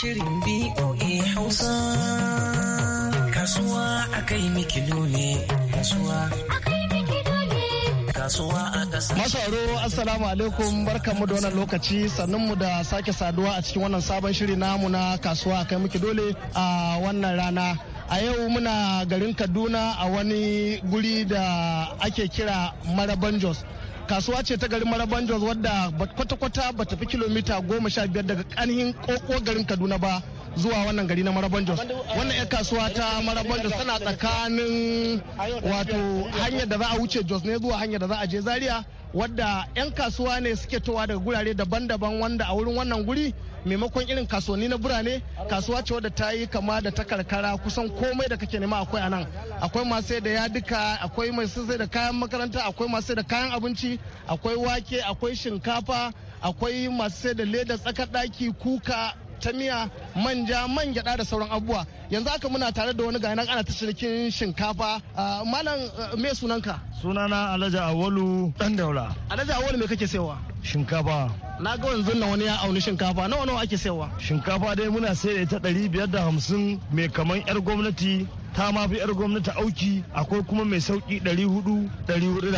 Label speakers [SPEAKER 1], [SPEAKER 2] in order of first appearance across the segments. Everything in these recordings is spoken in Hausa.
[SPEAKER 1] Shirin BOA Hausa. Kasuwa a kai miki nune. Kasuwa a
[SPEAKER 2] Assalamu alaikum barkanmu da wannan lokaci sannunmu da sake saduwa a cikin wannan sabon shiri namu na kasuwa a kai miki dole a wannan rana. a yau muna garin kaduna a wani guri da ake kira maraban jos kasuwa ce ta garin maraban jos wadda kwata-kwata ba tafi kilomita goma sha biyar daga kanihin koko garin kaduna ba zuwa wannan gari na maraban jos wannan yan kasuwa ta maraban jos tana tsakanin wato hanyar da za a wuce jos ne zuwa hanyar da za a je zaria wadda yan kasuwa ne suke towa daga gurare daban-daban wanda a wurin wannan guri maimakon irin kasuwanni na birane kasuwa ce wadda ta yi kama da ta karkara kusan komai da kake nema akwai anan akwai masu sai da duka akwai masu sai da kayan makaranta akwai masu sai da kayan abinci akwai wake akwai shinkafa akwai masu sai da leda tsakar daki kuka ta miya manja man gyada da sauran abubuwa yanzu aka muna tare da wani ga nan ana ta cinikin shinkafa ah, malam ah, me sunanka sunana alhaji awolu dan daula alhaji awolu me kake sayawa shinkafa na ga yanzu na wani ya auni shinkafa nawa nawa ake sayarwa shinkafa dai muna sayar da ta mai kaman yar gwamnati ta ma fi yar gwamnati auki akwai kuma mai sauki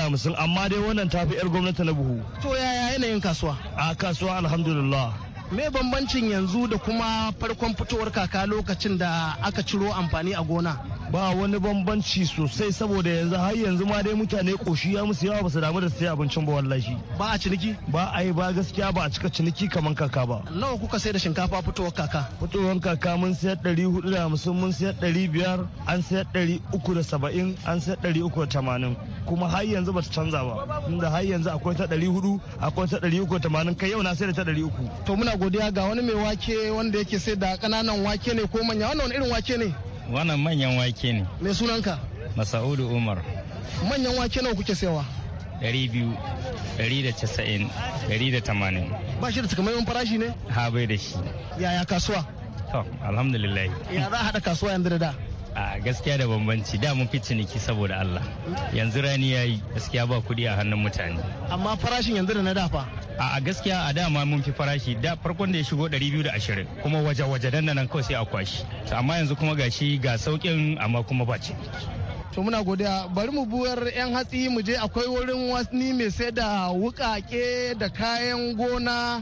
[SPEAKER 2] hamsin amma dai wannan ta fi yar gwamnati na buhu to yaya yanayin kasuwa a kasuwa alhamdulillah me bambancin yanzu da kuma farkon fitowar kaka lokacin da aka ciro amfani a gona ba wani bambanci sosai saboda yanzu har yanzu ma dai mutane koshi ya musu yawa basu damu da sai abincin ba wallahi ba a ciniki ba a yi ba gaskiya ba a cika ciniki kaman kaka ba nawa kuka sai da shinkafa fitowar kaka fitowar kaka mun sayar ɗari hudu da hamsin mun sayar ɗari biyar an sayar ɗari uku da saba'in an sayar ɗari uku da tamanin kuma har yanzu ba ta canza ba inda har yanzu akwai ta ɗari hudu akwai ta ɗari uku da tamanin kai yau na sayar da ta ɗari uku to muna godiya ga wani mai wake wanda yake sai da kananan wake ne ko manya wannan wani irin wake ne
[SPEAKER 3] wannan manyan wake ne me sunanka masaudu umar
[SPEAKER 2] manyan wake nawa kuke sayawa
[SPEAKER 3] 290
[SPEAKER 2] ba shi da takamaiman farashi ne
[SPEAKER 3] ha bai da shi
[SPEAKER 2] yaya kasuwa
[SPEAKER 3] to alhamdulillah ya
[SPEAKER 2] za a haɗa kasuwa yanzu da da
[SPEAKER 3] a gaskiya da bambanci da mun fi ciniki saboda Allah yanzu rani yayi gaskiya ba kuɗi a hannun mutane
[SPEAKER 2] amma farashin yanzu da na dafa a gaskiya a dama mun
[SPEAKER 3] fi farashi da farkon da ya shigo 220 kuma waje waje dan nan kawai sai a kwashi amma yanzu kuma gashi ga saukin amma kuma ba ce
[SPEAKER 2] to muna godiya bari mu buwar yan hatsi mu je akwai wurin wasni mai sai da wukake da kayan gona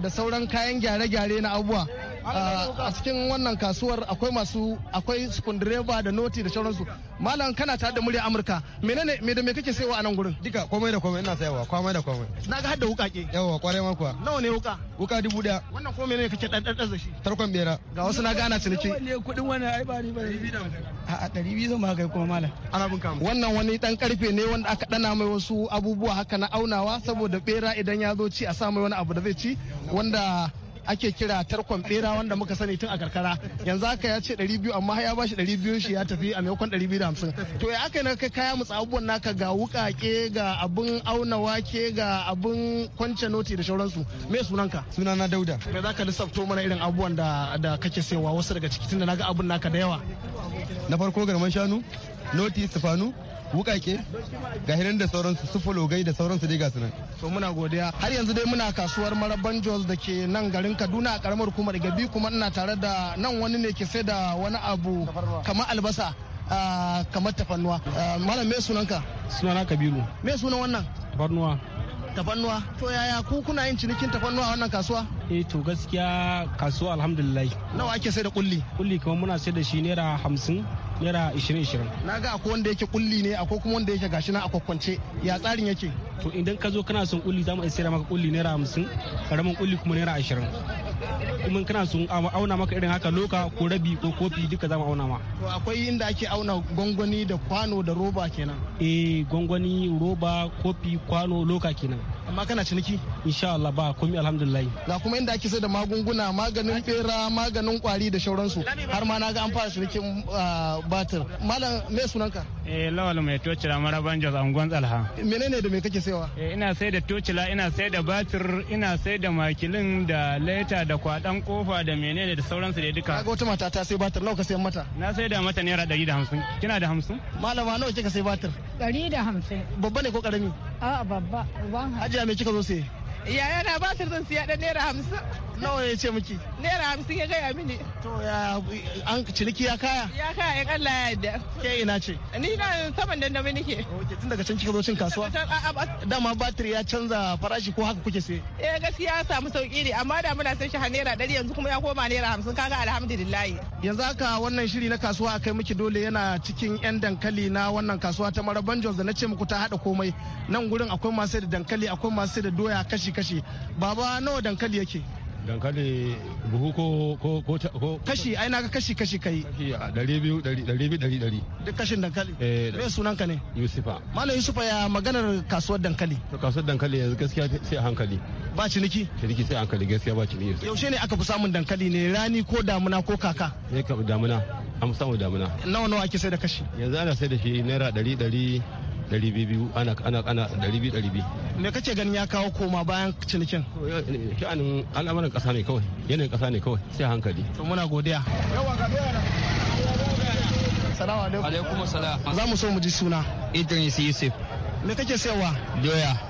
[SPEAKER 2] da sauran kayan gyare-gyare na abubuwa Ah, a cikin wannan kasuwar akwai masu akwai skundireba da noti da sauransu malam kana tare da murya amurka menene me da me kake sayawa a nan gurin dika komai da komai ina sayawa komai da komai na ga hadda wukake yawa kwarai ma kuwa nawa ne wuka wuka dubu daya wannan ko menene kake dan dan da shi tarkon bera ga wasu na gana ciniki ne kudin wannan ai ba ni ba a biyu zan ma kai kuma malam ana bin kamu wannan wani dan karfe ne wanda aka dana mai wasu abubuwa haka na aunawa saboda bera idan ya zo ci a sa mai wani abu da zai ci wanda ake kira tarkon bera wanda muka sani tun a karkara yanzu haka ya ce 200 amma ya bashi 200 shi ya tafi a maimakon 250 to ya aka na kai kaya musu abubuwan naka ga wukake ga abun auna wake ga abun kwance noti da sauransu me sunanka sunana dauda da zaka lissafto mana irin abubuwan da da kake sayowa wasu daga ciki tunda naga abun naka da yawa na farko garman shanu noti sifanu wukake gahirin da sauransu sufologai da sauransu dai gasu nan to muna godiya har yanzu dai muna kasuwar maraban jos da ke nan garin kaduna a karamar hukumar gabi kuma ina tare da nan wani ne ke sai da wani abu kamar albasa kamar tafannuwa malam me sunanka sunana kabiru me sunan wannan tafannuwa tafannuwa to yaya ku kuna yin cinikin tafannuwa a wannan kasuwa eh to gaskiya kasuwa alhamdulillah nawa ake sai da kulli kulli kamar muna sai da shi naira hamsin naira ishirin ishirin. na ga akwai wanda yake kulli ne akwai kuma wanda yake gashi na akwakwance ya tsarin yake to idan ka zo kana son kulli za mu iya sayar maka kulli naira hamsin karamin kulli kuma naira ashirin kuma kana sun auna maka irin haka loka ko rabi ko kofi duka za mu auna ma to akwai inda ake auna gwangwani da kwano da roba kenan eh gwangwani roba kofi kwano loka kenan amma kana ciniki insha Allah ba komai alhamdulillah ga kuma inda ake sai da magunguna maganin bera maganin kwari da shauransu har ma na ga an fara cinikin ah, batir malam me sunanka eh lawal mai tocila maraban jos angon tsalha menene da me kake Eh ina sai da tocila ina sai da batir ina sai da makilin da leta da kwada dan kofa da menene da sauransu da duka kaga wata mata ta sai batir nawa ka sai mata na sai da mata naira ɗari da hamsin kina da hamsin malama nawa kika sai batir ɗari da hamsin babba ne ko ƙarami a'a babba uban hajiya me kika zo sai yaya na batir zan siya da naira hamsin nawa ya ce miki naira hamsin ya gaya mini to ya an ciniki ya kaya ya kaya ya kalla ya yadda ke ina ce ni na saman dandami nake oke tun daga can kika zo cin kasuwa dama batiri ya canza farashi ko haka kuke sai eh gaskiya ya samu sauki ne amma da muna sai shi har naira ɗari yanzu kuma ya koma naira hamsin kaga alhamdulillahi. yanzu haka wannan shiri na kasuwa kai miki dole yana cikin 'yan dankali na wannan kasuwa ta maraban jos da na ce muku ta hada komai nan gurin akwai masu da dankali akwai masu da doya kashi kashi baba nawa dankali yake dankali buhu ko ko ko kashi ai naga kashi kashi kai dari biyu dari biyu dari dari duk kashin dankali eh, me sunan ka ne yusufa malam yusufa ya maganar kasuwar dankali kasuwar dankali yanzu gaskiya sai a hankali ba ciniki ciniki sai a hankali gaskiya ba ciniki yaushe ne aka fi samun dankali ne rani ko damuna ko kaka ne eh, ka damuna an samu damuna nawa nawa ake sai da kashi yanzu ana sai da shi naira dari dari ɗari biyu ana ana ana ɗari biyu me kake ganin ya kawo koma bayan cinikin. sha'anin al'amuran kasa ne kawai yanayin kasa ne kawai sai hankali. to muna godiya. yawa ga Salamu alaikum. Alaikum salam. Za mu so mu ji suna. Idris Yusuf. Me kake sayawa Doya.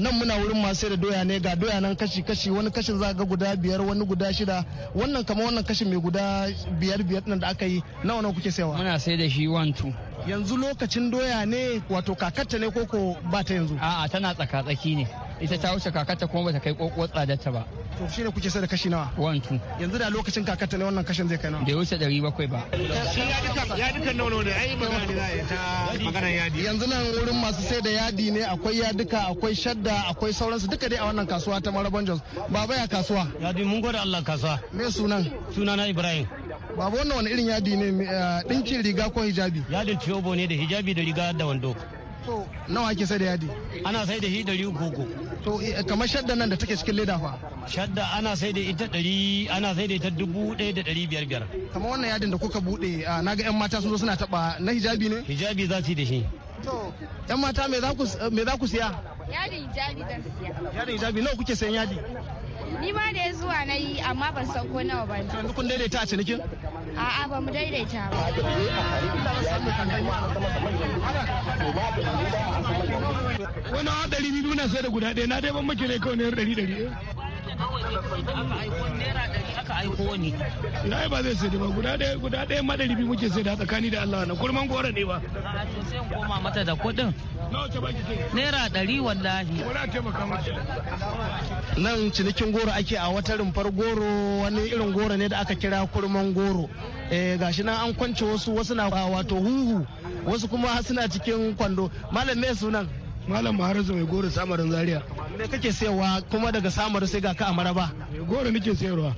[SPEAKER 2] nan muna wurin masu da doya ne ga doya nan kashi kashi wani kashin za ga guda biyar wani guda shida wannan kama wannan kashin mai guda biyar biyar nan da aka yi nawa nawa kuke sayawa muna sai da shi one two yanzu lokacin doya ne wato kakatta ne koko ba ta yanzu a'a tana tsaka tsaki ne ita ta wuce kakata kuma bata kai kokowa tsadarta ba to shi ne kuke sai da kashi nawa one two yanzu da lokacin kakata ne wannan kashin zai kai nawa bai wuce ɗari bakwai ba ya duka nono ne ai magana ne ta magana yadi yanzu nan wurin masu sai da yadi ne akwai yaduka akwai shadda akwai sauransu duka dai a wannan kasuwa ta Maraban jos baba ya kasuwa yadi mun gode allah kasuwa me sunan sunana ibrahim Baba wannan wani irin yadi ne dinkin eh, riga ko hijabi yadin ciobo ne da hijabi da riga da wando To nawa ake sai da yadi? Ana sai da hidari gogo To eh, kamar shadda nan da take cikin leda fa? Shadda ana sai da ita dari ana sai da ita dubu ɗaya da ɗari biyar biyar. Kamar wannan yadin da kuka buɗe na ga 'yan mata sun zo suna taɓa na hijabi ne? Hijabi za su yi da shi. To 'yan mata me za ku siya?
[SPEAKER 4] Yadin hijabi zan siya. Yadin hijabi nawa kuke sayan yadi? ni ma da ya zuwa na yi amma ban san ko nawa ba yanzu
[SPEAKER 2] kun daidaita a cinikin
[SPEAKER 4] a'a ba mu daidaita ba
[SPEAKER 2] wani hadari ni nuna sai da guda ɗaya na dai ban maki ne kawai ne ɗari ɗari
[SPEAKER 5] daga waje aka aiko ɗari aka aiko ne.
[SPEAKER 2] Ina ai ba zai sai ba guda ɗaya guda ɗaya madari biyu muke sai da tsakani da Allah na kurman gora ne ba.
[SPEAKER 5] A to sai in koma
[SPEAKER 6] mata da
[SPEAKER 2] kuɗin. Naira ɗari wallahi. Wala taimaka mata. Nan cinikin goro ake a wata rumfar goro wani irin goro ne da aka kira kurman goro. Eh gashi nan an kwance wasu wasu na wato huhu wasu kuma suna cikin kwando. Malam me sunan? malam maharazu mai goro samarin zaria me kake sayarwa kuma daga samar sai ga ka a maraba goro nake sayarwa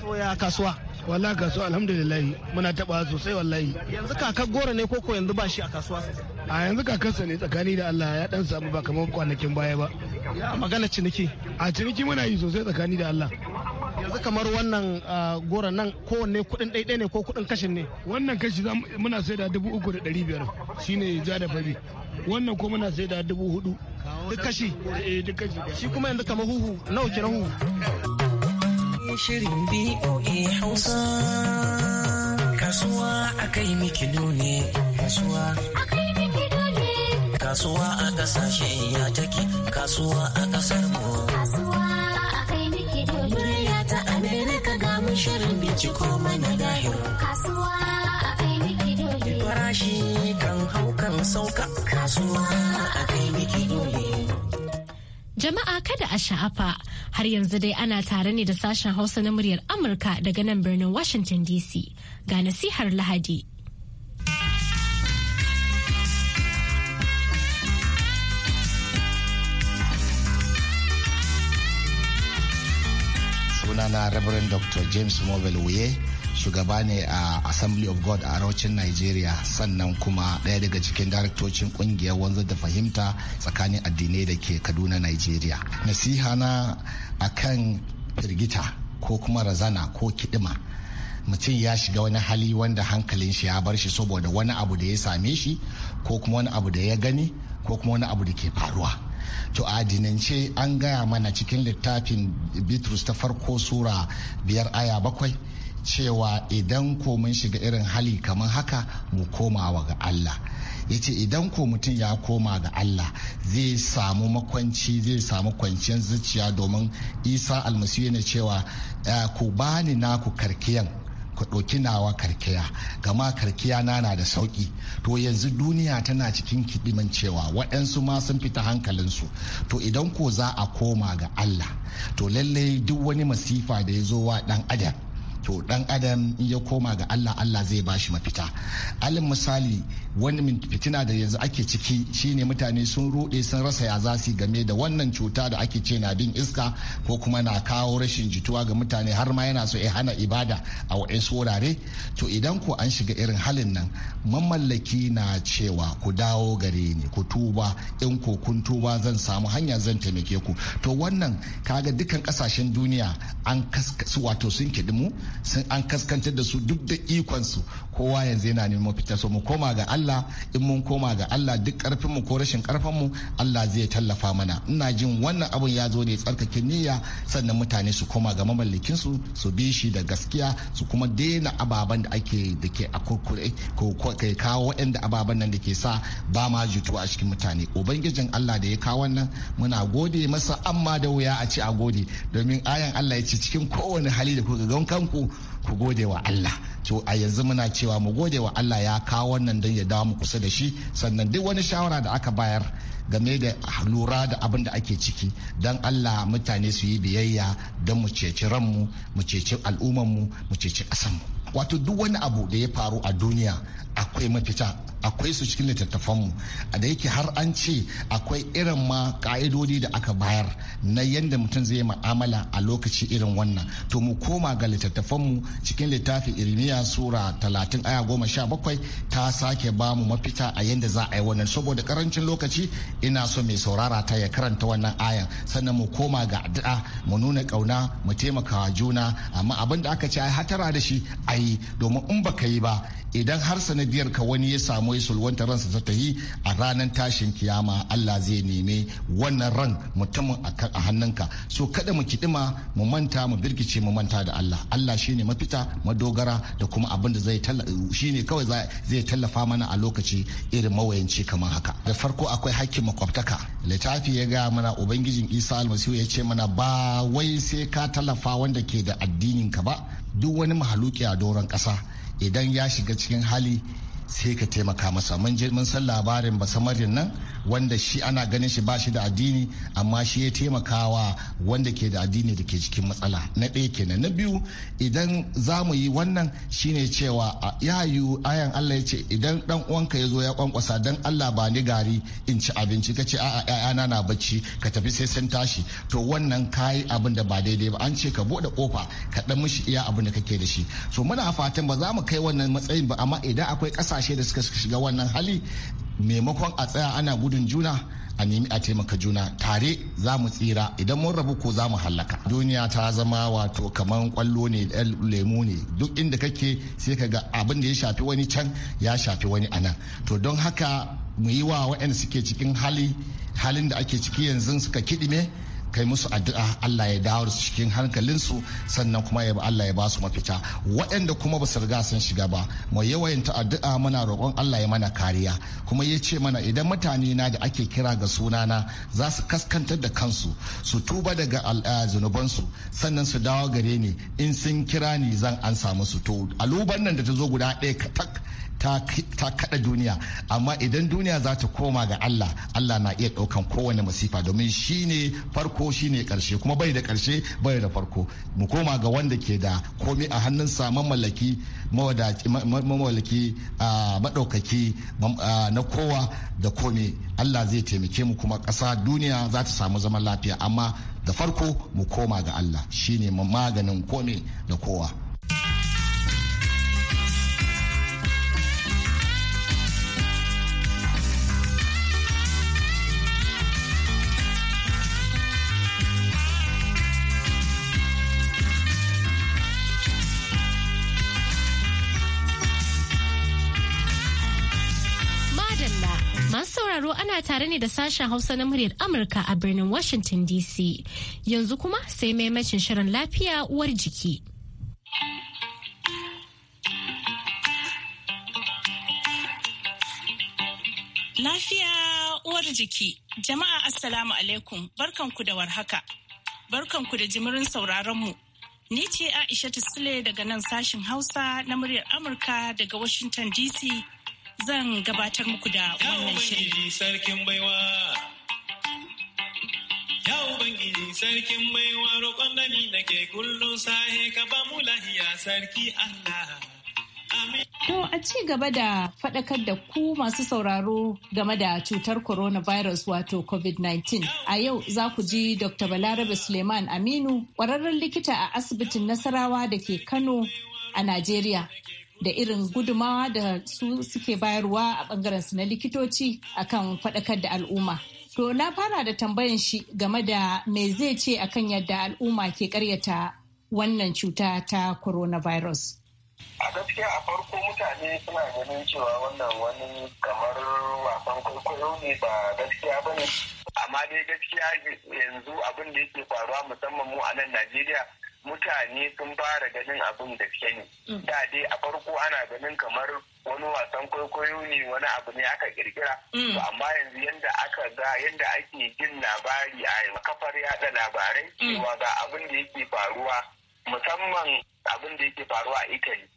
[SPEAKER 2] Soya kasuwa Wala kasuwa alhamdulillah muna taba sosai wallahi yanzu kakar goro ne koko yanzu ba shi a kasuwa a yanzu kakarsa ne tsakani da Allah ya dan samu ba kamar kwanakin baya ba ya magana ciniki a ciniki muna yi sosai tsakani da Allah yanzu kamar wannan ah, gora nan kowanne kudin ɗaiɗai ne ko kudin kashin ne wannan kashi muna sai da dubu uku da ɗari biyar shine ja da fari wannan ko muna sai da dubu hudu eh, duk kashi shi kuma yanzu kamar huhu nawa kira huhu
[SPEAKER 1] shirin BOA Hausa kasuwa akai mikido ne kasuwa kasuwa a ƙasashen ya take kasuwa a kasar mu
[SPEAKER 6] shirin binciko mana gahir. Kasuwa
[SPEAKER 5] a
[SPEAKER 1] kai miki dole. Farashi kan hau kan sauka. Kasuwa
[SPEAKER 5] a kai miki dole.
[SPEAKER 6] Jama'a kada a sha'afa har yanzu dai ana tare ne da sashen Hausa na muryar Amurka daga nan birnin Washington DC ga nasihar Lahadi.
[SPEAKER 3] Na Reverend Dr. James Mobile Wuye, shugaba ne a Assembly of God a Arocin Nigeria sannan kuma ɗaya daga cikin daraktocin ƙungiyar wanzar da fahimta tsakanin addinai da ke Kaduna, Nigeria. Nasiha na a kan firgita ko kuma razana ko kiɗima. mutum ya shiga wani hali wanda hankalin shi ya bar shi saboda wani abu da ya same shi ko kuma wani abu da ya gani ko kuma wani abu da ke faruwa. to adinance an gaya mana cikin littafin bitrus ta farko sura biyar aya bakwai cewa idan ko mun shiga irin hali kamar haka mu komawa ga Allah ya ce idan ko mutum ya koma ga Allah zai samu makwanci zai samu kwanciyar zuciya domin isa almasiyu yana cewa eh, ku bani naku karkiyan ku ɗauki nawa karkiya gama karkiya na na da sauƙi to yanzu duniya tana cikin kiɗiman cewa waɗansu ma sun fita hankalinsu to idan ko za a koma ga Allah to lallai duk wani masifa da ya zo wa ɗan adam to dan adam in ya koma ga Allah Allah zai bashi mafita alin misali wani fitina da yanzu ake ciki shine mutane sun rude sun rasa ya su game da wannan cuta da ake ce na bin iska ko kuma na kawo rashin jituwa ga mutane har ma yana so ya hana ibada a waɗansu wurare to idan ko an shiga irin halin nan mamallaki na cewa ku dawo gare ni ku tuba in ko kun tuba zan samu hanya zan taimake ku to wannan kaga dukkan kasashen duniya an wato sun kiɗi mu sun an kaskantar da su duk da ikonsu kowa yanzu yana neman mafita so mu koma ga Allah in mun koma ga Allah duk karfin mu ko rashin karfin mu Allah zai tallafa mana ina jin wannan abun ya zo ne tsarkake niyya sannan mutane su koma ga mamallakin su su bi shi da gaskiya su kuma daina ababen da ake da ke a kurkure ko kai kawo waɗanda ababen nan da ke sa ba ma jituwa a cikin mutane ubangijin Allah da ya kawo wannan muna gode masa amma da wuya a ce a gode domin ayan Allah ya ce cikin kowane hali da kuka ga kanku ku gode wa Allah to a yanzu muna cewa mu gode wa Allah ya kawo wannan don ya dawo mu kusa da shi sannan duk wani shawara da aka bayar game da lura da abin da ake ciki don Allah mutane su yi biyayya don mu ceci ranmu mu ceci al'ummanmu mu ceci mu wato duk wani abu da ya faru a duniya akwai mafita akwai su cikin littattafanmu a da yake har an ce akwai irin ma ka'idodi da aka bayar na yadda mutum zai ma'amala a lokaci irin wannan to mu koma ga littattafanmu cikin littafin irmiya sura talatin aya goma sha bakwai ta sake ba mu mafita a yadda za a yi wannan saboda karancin lokaci ina so mai saurara ta ya karanta wannan ayan sannan mu koma ga addu'a mu nuna kauna mu taimaka wa juna amma abin da aka ce ai hatara da shi ayi domin in baka yi ba idan har sanadiyar ka wani ya samu samu ya sulwanta ransa ta yi a ranar tashin kiyama Allah zai neme wannan ran mutumin a hannunka so kada mu kidima mu manta mu birkice mu manta da Allah Allah shine mafita madogara da kuma abin da zai shine kawai zai tallafa mana a lokaci irin mawayanci kamar haka da farko akwai hakkin makwabtaka littafi ya ga mana ubangijin Isa almasihu ya ce mana ba wai sai ka tallafa wanda ke da addinin ka ba duk wani mahaluki a doron ƙasa idan ya shiga cikin hali sai ka taimaka masa mun je mun san labarin basamarin nan wanda shi ana ganin shi ba shi da addini amma shi ya taimakawa wanda ke da addini da ke cikin matsala na ɗaya kenan na biyu idan za mu yi wannan shine cewa ya yiwu ayan Allah ya ce idan dan uwanka ya zo ya kwankwasa dan Allah ba ni gari in ci abinci ka ce a'a yayana na bacci ka tafi sai sun tashi to wannan kayi abin da ba daidai ba an ce ka bude kofa ka dan mishi iya abin da kake da shi so muna fatan ba za mu kai wannan matsayin ba amma idan akwai ƙasashe kasashe da suka shiga wannan hali maimakon a tsaya ana gudun juna a nemi a taimaka juna tare za mu tsira idan mun rabu ko za mu hallaka duniya ta zama wato kamar kwallo ne lemu ne duk inda kake sai ka ga abin da ya shafi wani can ya shafi wani anan to don haka mu yi wa waɗanda suke cikin hali halin da ake ciki yanzu suka kiɗime kai musu addu'a Allah ya dawo su cikin hankalinsu sannan kuma ya Allah ya ba su mafita waɗanda kuma ba su riga sun shiga ba mu ta addu'a muna roƙon Allah ya mana kariya kuma ya ce mana idan mutane na da ake kira ga sunana za su kaskantar da kansu su tuba daga zunubansu sannan su dawo gare ni in sun kira ni zan an samu su to aluban nan da ta zo guda ɗaya katak ta kada duniya amma idan duniya za ta koma ga Allah Allah na iya daukan kowane masifa domin shine farko shine karshe kuma bai da karshe bai da farko mu koma ga wanda ke da komai a hannunsa mamallaki mamallaki madaukaki na kowa da komai Allah zai taimake mu kuma ƙasa duniya za ta samu zaman lafiya amma da farko mu koma ga Allah shine maganin komai da kowa
[SPEAKER 6] sauraro ana tare ne da sashen Hausa na muryar Amurka a birnin Washington DC. Yanzu kuma sai maimacin shirin lafiya uwar jiki.
[SPEAKER 4] Lafiya uwar jiki. Jama'a Assalamu alaikum barkanku da warhaka. Barkanku da jimirin sauraronmu. Ni ce Aisha Sule daga nan sashin Hausa na muryar Amurka daga Washington DC. zan gabatar muku da wannan
[SPEAKER 7] shirin. sarkin baiwa.
[SPEAKER 2] roƙon nake kullum sahe ka ba mu lahiya sarki Allah.
[SPEAKER 4] To a ci gaba da faɗakar da ku masu sauraro game da cutar coronavirus wato COVID-19. A yau za ku ji Dr. Balarabe Suleiman Aminu, ƙwararren likita a asibitin Nasarawa da ke Kano a Najeriya. da irin gudumawa da su suke bayarwa a bangaren su na likitoci akan faɗakar da al'umma. To na fara da tambayan shi game da me zai ce akan yadda al'umma ke karyata wannan cuta ta coronavirus. A
[SPEAKER 7] gaskiya a farko mutane suna ganin cewa wannan wani kamar wasan kwaikwayo ne ba gaskiya ba ne. Amma dai gaskiya yanzu abin da yake faruwa musamman mu a nan Najeriya mutane sun fara ganin abin da ne mm. da dai a farko ana ganin kamar wani wasan kwaikwayo ne wani abu ne aka kirkira mm. to amma yanzu yanda aka ga yadda ake jin labari a kafar yada labarai mm. cewa ga abin da yake faruwa musamman abin da yake faruwa a italy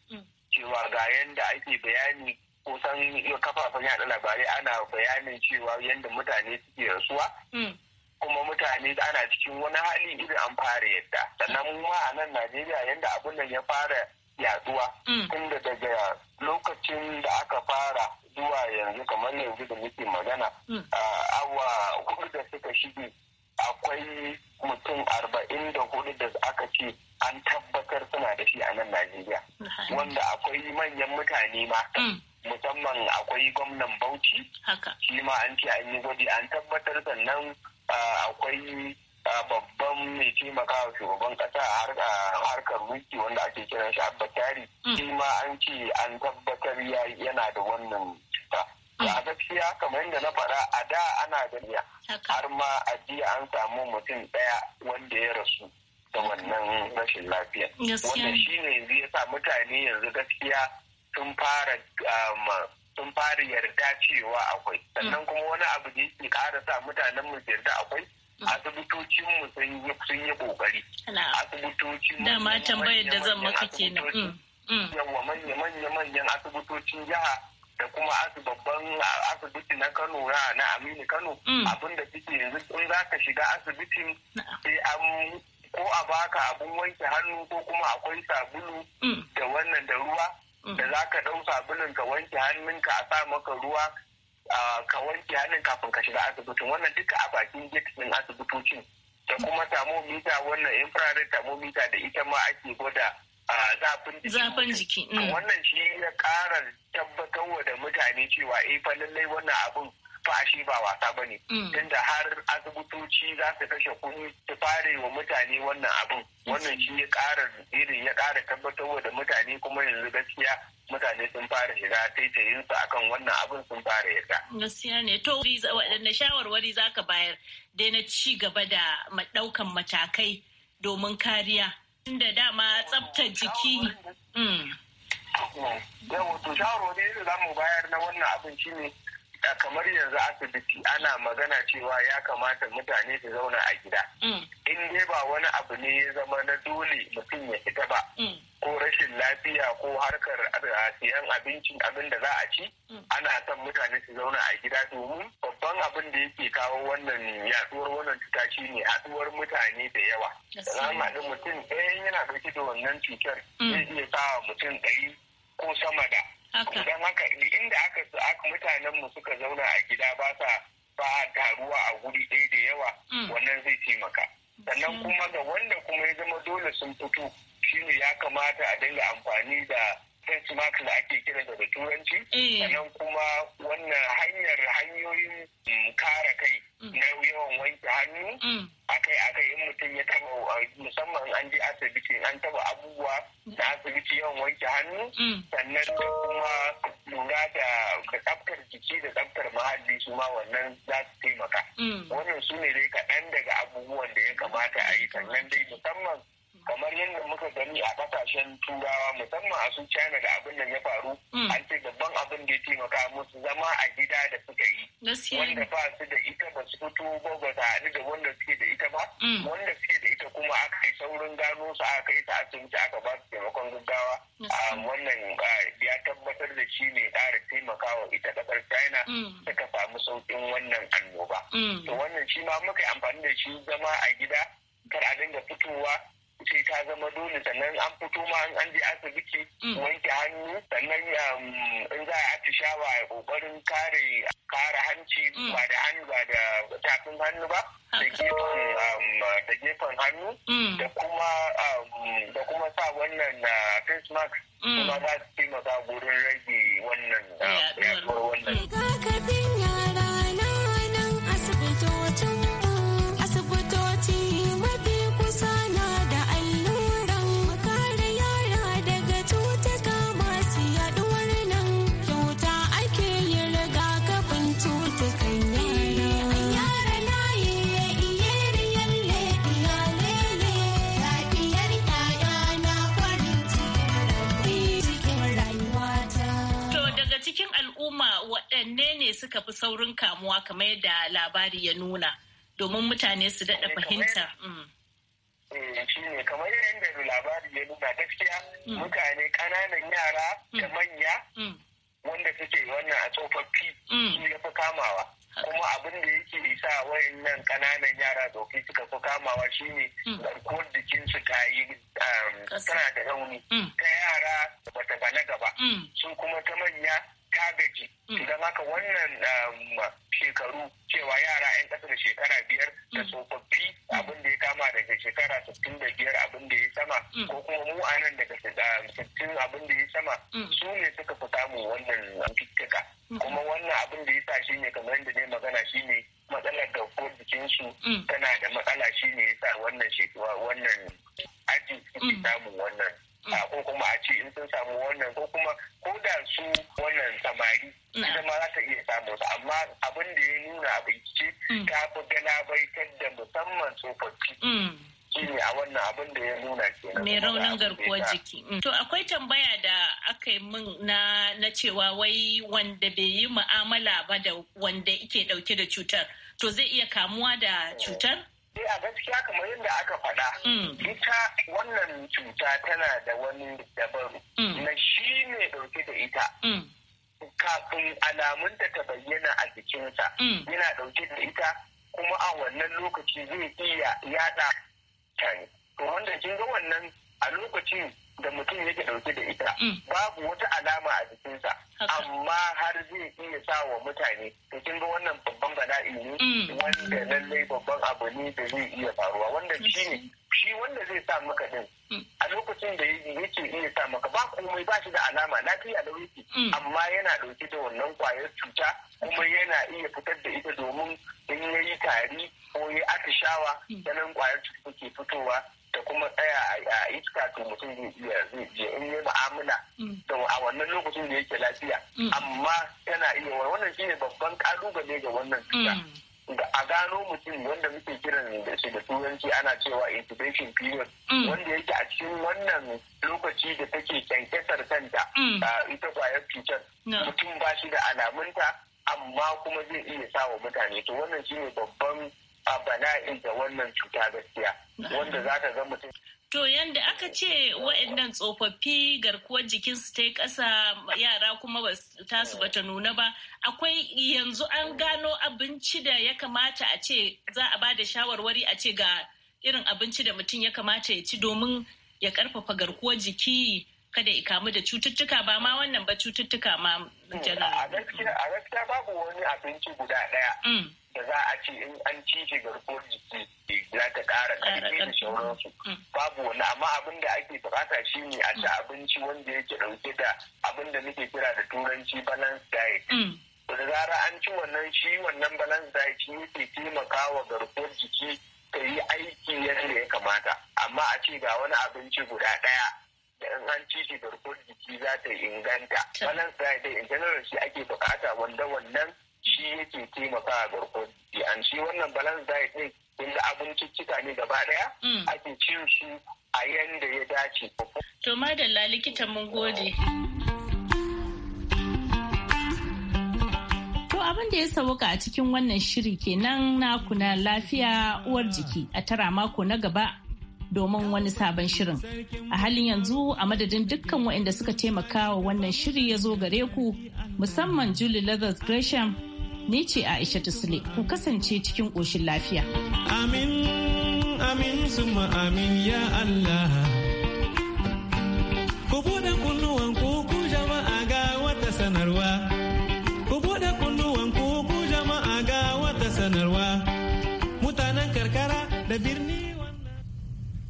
[SPEAKER 7] cewa ga yanda ake bayani kusan kafafen yada labarai ana bayanin cewa yadda mutane suke rasuwa kuma mutane da ana cikin wani hali irin an fara yadda sannan mu ma a nan najeriya yadda abin nan ya fara yaduwa mm. tunda daga lokacin da aka fara zuwa yanzu kamar yanzu da muke magana mm. a awa hudu da suka shige akwai mutum arba'in da hudu da aka ce an tabbatar suna da shi a nan najeriya wanda akwai manyan mutane ma mm. musamman akwai gwamnan bauchi shi ma an ce an yi gwaji an tabbatar sannan akwai babban mai taimakawa shugaban kasa a harkar wiki wanda ake kiran shi abba tari mm. shi ma an ce an tabbatar yana da wannan cuta a mm. gaskiya kamar yadda na faɗa a da ana ganiya har ma a jiya an samu mutum ɗaya wanda ya rasu da wannan rashin lafiya wanda shi ne yanzu ya sa mutane yanzu gaskiya sun fara sun fara yarda cewa akwai sannan mm. kuma wani abu da yake ƙara sa mutanen mu yarda akwai mm. asibitocin mu sun yi kokari
[SPEAKER 5] asibitocin
[SPEAKER 4] da ma tambayar da zan maka kenan mm.
[SPEAKER 7] yawa manya manya manyan asibitocin jiha da kuma babban asibiti na Kano na Aminu Kano abinda suke yanzu in za ka shiga asibitin sai an ko a baka abun wanke hannu ko kuma akwai sabulu da wannan da ruwa da za ka ɗau sabulun ka wanke hannunka a sa maka ruwa ka wanke hannun kafin ka shiga asibitin wannan duka a bakin gate ɗin asibitocin da kuma thermometer wannan infrared thermometer da ita ma ake gwada zafin jiki mm. wannan shi ya ƙara tabbatarwa da mutane cewa eh fa lallai wannan abin fa shi ba wasa ba ne mm. tunda har asibitoci za su kashe kuɗi su fare wa mutane wannan abin wannan shi ya ƙara irin ya ƙara tabbatar da mutane kuma yanzu gaskiya mutane sun fara shiga taitayin su akan wannan abin sun fara yarda.
[SPEAKER 4] Gaskiya ne to waɗanne shawarwari za ka bayar dai na ci gaba da ɗaukan matakai domin kariya tunda dama tsabtar jiki.
[SPEAKER 5] Mm. Yawon
[SPEAKER 7] to shawarwari da za mu bayar na wannan abin shi ne kamar yanzu asibiti ana magana cewa ya kamata mutane su zauna a gida mm. in dai ba wani abu ne ya zama na dole mutum ya fita ba mm. ko rashin lafiya ko harkar eh, siyan abincin abin da za a ci mm. ana son mutane su zauna a gida domin babban abin da yake kawo wannan yaduwar wannan cuta shi ne haduwar mutane da yawa da za mutum ɗaya yana ɗauki da wannan cutar zai iya sawa mutum ɗari ko sama da Idan haka inda aka aka mutanen mu suka zauna a gida ba sa ba taruwa a guri ɗaya da yawa mm. wannan zai taimaka. Sannan mm. kuma ga wanda kuma ya zama dole sun fito shine ya kamata a dinga amfani da face mask da ake kira da turanci eh. sannan kuma wannan hanyar hanyoyin mm, kare kai na yawan wanke hannu mm. akai akai in mutum ya taba musamman an je asibiti an taba abubuwa na asibiti yawan wanke hannu mm. sannan da kuma lura da tsaftar jiki da tsaftar muhalli su ma wannan za su taimaka
[SPEAKER 5] mm. wannan su ne dai kaɗan daga abubuwan da ya kamata a yi
[SPEAKER 7] sannan dai musamman kamar yadda muka gani a kasashen turawa musamman a su china da abin nan ya faru mm. an ce babban abin da ya taimaka musu zama a gida da suka yi wanda ba su da ita ba su fito ba ba ta haɗu da wanda suke da ita ba mm. wanda suke da ita
[SPEAKER 5] kuma aka yi saurin gano su aka kai ta asibiti aka ba su taimakon gaggawa ah, wannan ah, ya tabbatar da shi ne ƙara taimakawa ita ƙasar china mm. suka samu sauƙin
[SPEAKER 7] wannan annoba to wannan shi ma muka amfani da shi zama a gida kar a dinga fitowa ta zama dole sannan an fito ma an je asibiti mm. wanke hannu sannan um, in za a atishawa a kokarin
[SPEAKER 5] kare kare hanci mm. ba da hannu ba da
[SPEAKER 7] tafin hannu ba da um, gefen hannu mm. da kuma um, da kuma sa
[SPEAKER 5] wannan uh, face mask kuma za su taimaka gurin rage wannan uh, yaduwar
[SPEAKER 1] wannan
[SPEAKER 4] mutane ne suka fi saurin kamuwa kamar yadda labari ya nuna domin mutane su daɗa fahimta. Mm.
[SPEAKER 5] Eh, shi
[SPEAKER 7] kamar yadda labari ya nuna gaskiya mm. mutane ƙananan yara da mm. manya wanda suke wannan a tsofaffi su ya fi kamawa kuma abin da yake sa wayannan ƙananan yara tsofi suka fi kamawa shine garkuwar jikinsu ta yi um, tana da rauni ta yara bata balaga ba su kuma ta manya ta gaji mm. don haka wannan um, shekaru cewa yara 'yan ƙasa da shekara biyar da mm. tsofaffi abin da ya kama daga shekara sittin da biyar abin da ya sama mm. ko kuma mu a daga um, sittin abin da ya sama su ne suka fi samun wannan fitika kuma wannan abin da ya sa shi ne kamar yadda ne magana shi ne matsalar da ko jikinsu tana da matsala shi ne ya sa wannan shekaru wannan aji suke samun wannan Mm. ko kuma a ce in sun samu wannan ko kuma ko da su wannan samari mm. ita ma za ta iya samu su amma abin da ya nuna a bincike mm. ta fi galabaitar da musamman tsofaffi shine a wannan abin da ya
[SPEAKER 5] nuna mai raunin garkuwar jiki
[SPEAKER 4] to akwai tambaya da aka yi min na cewa wai wanda bai yi mu'amala ba da wanda yake dauke da cutar to zai iya kamuwa da eh. cutar a gaskiya kamar yadda aka faɗa. Mm. Ita
[SPEAKER 7] wannan cuta tana da wani dabaru. Mm. Na shi ne ɗauke da ita. Mm. Kafin alamunta ta bayyana a jikinsa. Yana ɗauke da ita kuma a wannan lokaci zai iya yaɗa ta To wanda kin ga wannan a lokacin da mutum yake dauke da ita mm. babu wata alama a jikinsa amma har zai iya sa wa mutane to kin ga wannan babban bala'i ne mm. wanda lallai babban abu ne da zai iya faruwa wanda shi ne mm. shi wanda zai sa maka din a lokacin da yake iya sa maka ba komai ba shi da alama lafiya da wuce amma yana dauke da wannan kwayar cuta kuma yana iya fitar da ita domin in yayi tari ko ya atishawa sanan kwayar cuta ke fitowa ta kuma tsaya a iska to mutum zai iya zai iya in yi
[SPEAKER 5] ma'amala mm. to
[SPEAKER 7] a wannan lokacin da yake lafiya mm. amma yana iya wannan shine babban kalubale ga wannan cuta da mm. a gano mutum wanda muke kiran da shi da turanci ana cewa incubation
[SPEAKER 5] period wanda
[SPEAKER 7] yake a cikin wannan lokaci da take kyankyasar kanta A ita kwayar cutar mutum ba shi da alamunta amma kuma zai iya sa wa mutane to wannan shine babban a bala'in da wannan cuta gaskiya wanda za ka ga mutum
[SPEAKER 4] To yanda aka ce waɗannan tsofaffi garkuwar jikinsu ta yi ƙasa yara kuma ba tasu bata nuna ba, akwai yanzu an gano abinci da ya kamata a ce za a ba da shawarwari a ce ga irin abinci da mutum ya kamata ya ci domin ya ƙarfafa garkuwar jiki kada ya kamu da cututtuka ba ma wannan ba cututtuka ma hmm, a
[SPEAKER 7] gaskiya babu wani abinci guda daya hmm. da za a ce in an cije garkuwar jiki za ta ƙara ƙarfi da
[SPEAKER 4] sauransu
[SPEAKER 5] hmm.
[SPEAKER 7] babu wani amma abin da ake bukata shi ne a ci abinci wanda yake ɗauke da abin da muke kira da turanci balance diet da zara an ci wannan shi wannan balance diet shi yake taimaka wa garkuwar jiki ta yi aiki yadda ya kamata amma a ce ga wani abinci guda ɗaya in an ci shi garkuwar jiki za ta inganta balance diet in general shi ake bukata wanda wannan shi yake taimakawa garkuwar jiki an shi wannan balance diet din kun abinciccika ne gaba daya hmm. ake cin su a
[SPEAKER 4] yanda ya dace to madalla likita mun gode abin da ya sauka a cikin wannan shiri kenan naku na lafiya uwar jiki a tara mako na gaba domin wani sabon shirin. A halin yanzu a madadin dukkan waɗanda suka taimaka wa wannan shiri ya zo gare ku musamman Julie Leathers Gresham ni ce Aisha Tusle ku kasance cikin ƙoshin lafiya.
[SPEAKER 2] Amin, amin, suma amin ya Allah. Ku buɗe kunnuwan ku jama'a ga wata sanarwa.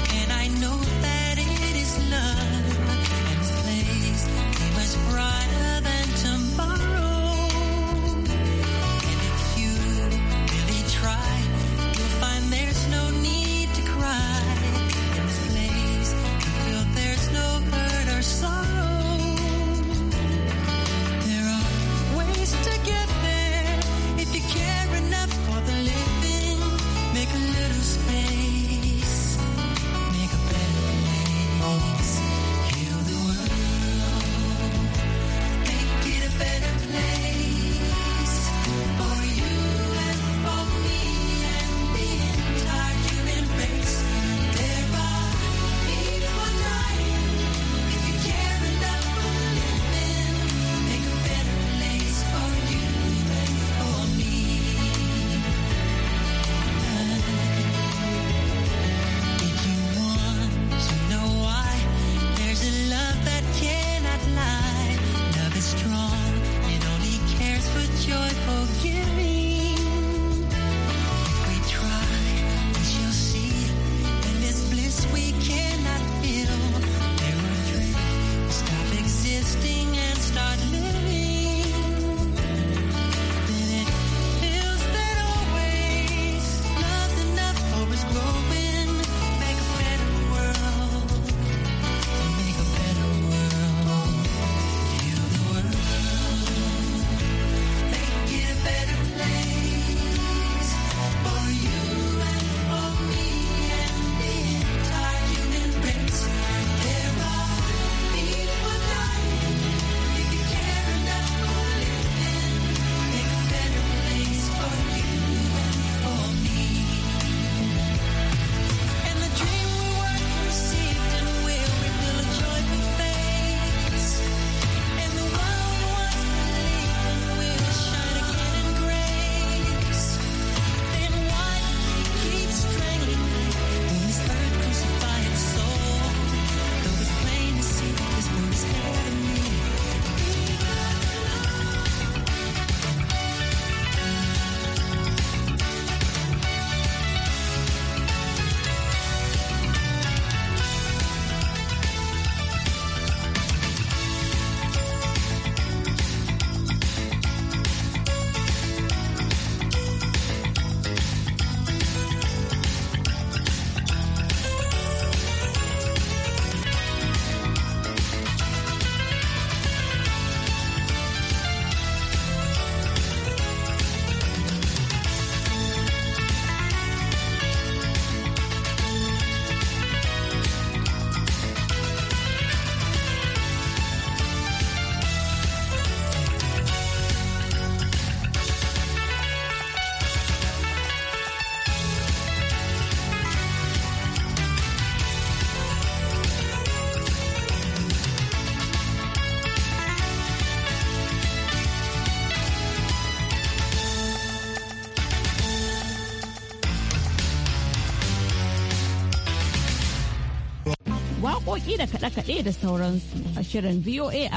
[SPEAKER 1] ku.
[SPEAKER 4] waƙoƙi da kaɗe-kaɗe da sauransu a shirin VOA